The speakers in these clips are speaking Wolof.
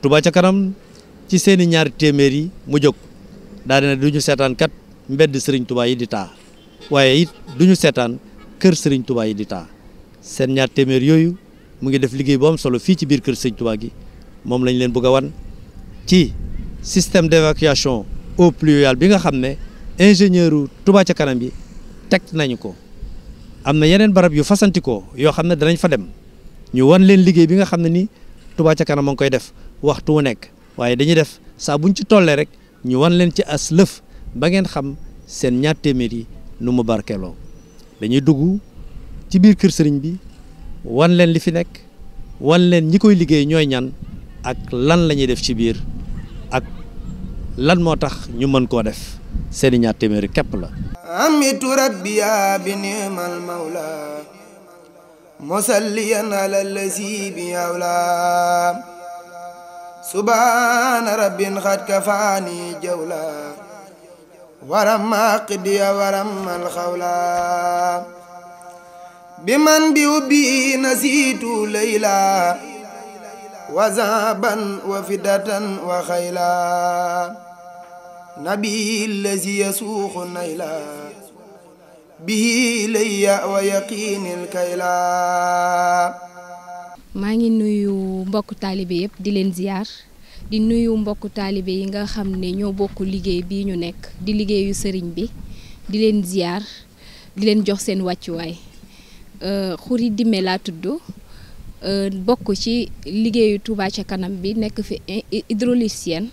Touba ca kanam ci seen i ñaari téeméer yi mu jóg daa dina du ñu seetaan kat mbedd Serigne Touba yi di taa waaye it du ñu seetaan kër sëriñ Touba yi di taa seen ñaar téeméer yooyu mu ngi def liggéey bu am solo fii ci biir kër Serigne Touba gi moom lañ leen bëgg a wan ci système d'évacuation eau pluviale bi nga xam ne ingénieur u Touba ca kanam bi teg nañ ko am na yeneen barab yu fasantikoo yoo xam ne danañ fa dem ñu wan leen liggéey bi nga xam ne ni Touba ca kanam moo ngi koy def waxtu wu nekk waaye dañuy def saa buñ ci tollee rek ñu wan leen ci as lëf ba ngeen xam seen ñaar nu mu barkeeloo dañuy dugg ci biir kër sëriñ bi wan leen li fi nekk wan leen ñi koy liggéey ñooy ñan ak lan lañuy def ci biir ak lan moo tax ñu mën koo def seeni ñaar téeméeri képp la amitu rabbiya bi nimal mawla musalliyan ala lazi bi awla subhaana rabbin xad kafaani jawla waramma qidiya waramma alxawla bi man bi ubbi nasiitu layla wa zaban wa fidatan wa xayla nabi lazi yasuuxu nayla bihi layya wa yaqiinil kayla maa ngi nuyu mbokku taalibe yëpp di leen ziar di nuyu mbokku taalibe yi nga xam ne ñoo bokk liggéey bii ñu nekk di liggéeyu sëriñ bi di leen ziar di leen jox seen wàccuwaay euh, xuri Dime laa tudd euh, bokk ci liggéeyu Touba ci kanam bi nekk fi hydraulicienne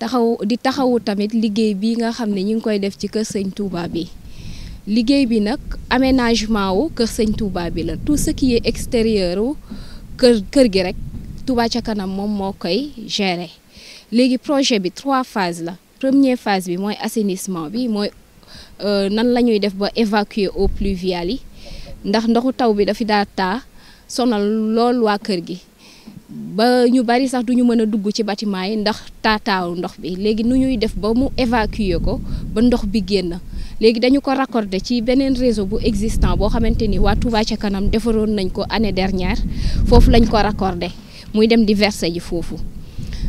taxaw di taxawu tamit liggéey bi nga xam ne ñu ngi koy def ci kër sëñ Touba bi liggéey bi nag aménagement wu kër sëñ Touba bi la tout ce qui est extérieur wu kër kër gi rek Touba ca kanam moom moo koy gérer léegi projet bi trois phases la première phase bi mooy assainissement bi mooy euh, nan la ñuy def ba évacuer au pluviales yi ndax ndoxu taw bi dafi daa taa sonal lool waa kër gi ba ñu bari sax duñu mën a dugg ci bâtiment yi ndax taataaw ndox bi léegi nu ñuy def ba mu évacuer ko ba ndox bi génn léegi dañu ko raccordé ci beneen réseau bu existant boo xamante ni waa Touba ca kanam defaroon nañ ko année dernière foofu lañ ko raccordé muy dem di verser ji foofu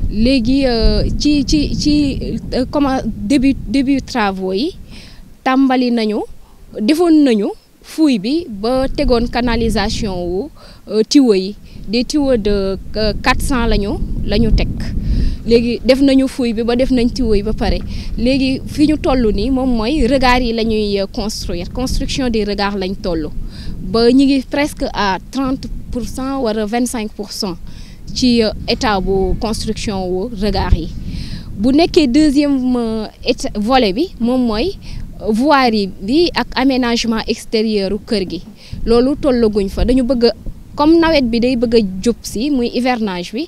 léegi euh, ci ci ci euh, comment début début travaux yi tàmbali nañu defoon nañu fuuy bi ba tegoon canalisation wu euh, tuyaux yi des tuyaux de 400 la ñu la ñu teg léegi def nañu fuuy bi ba def nañ yi ba pare léegi fi ñu toll nii moom mooy regard yi la ñuy euh, construire construction des regards lañ toll ba ñu ngi presque à trente pour cent wala vingt cinq pour cent ci euh, état bu construction wu regard yi bu nekkee deuxième euh, état volet bi moom mooy voirie bi ak aménagement extérieur u kër gi loolu tollaguñ fa dañu bëgg comme nawet bi day bëgg a jub si muy hivernage bi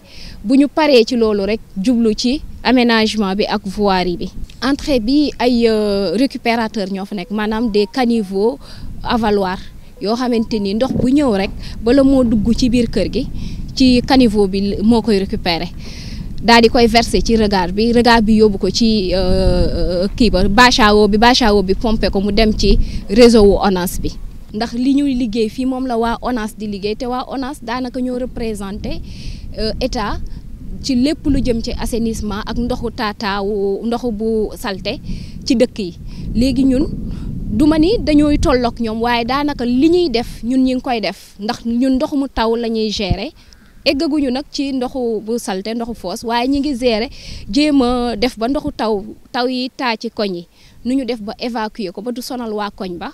bu ñu paree ci loolu rek jublu ci aménagement bi ak voirie bi entrée bi ay euh, récupérateur ñoo fa nekk maanaam des caniveaux avaloir yoo xamante ni ndox bu ñëw rek bala moo dugg ci biir kër gi ci caniveau bi moo koy récupérer daal di koy verser ci regard bi regard bi yóbbu ko ci euh, euh, kii ba bâche bi bâche à bi pompe ko mu dem ci réseau wu bi ndax li ñuy liggéey fii moom la waa ONAS di liggéey te waa ONAS daanaka ñoo représenté euh, état ci lépp lu jëm ci assainissement ak ndoxu taataawu ndoxu bu salte ci dëkk yi léegi ñun du ma ni dañooy tollook ñoom waaye daanaka li ñuy def ñun ñi ngi koy def ndax ñun ndox mu taw la ñuy gérer eggaguñu nag ci ndoxu bu salte ndoxu foos waaye ñi ngi gérer jéem a def ba ndoxu taw taw yi taa ci koñ yi nu ñu def ba évacuer ko ba du sonal waa koñ ba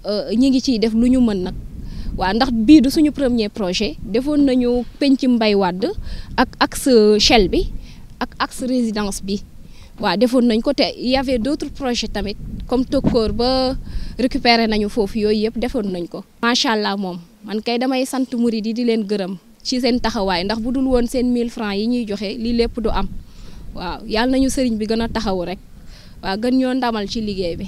Euh, ñi ngi ciy def lu ñu mën nag waaw ndax bii du suñu premier projet defoon nañu penc mbay wàdd ak axe Shell bi ak axe résidence bi waaw defoon nañ ko te y avait tamit comme tokkoor ba récupérer nañu foofu yooyu yëpp defoon nañ ko macha allah moom man kay damay sant murid yi di leen gërëm ci seen taxawaay ndax bu dul woon seen mille francs yi ñuy joxe lii lépp du am waaw yàlla nañu sëriñ bi gën a taxawu rek waaw gën ñoo ndamal ci liggéey bi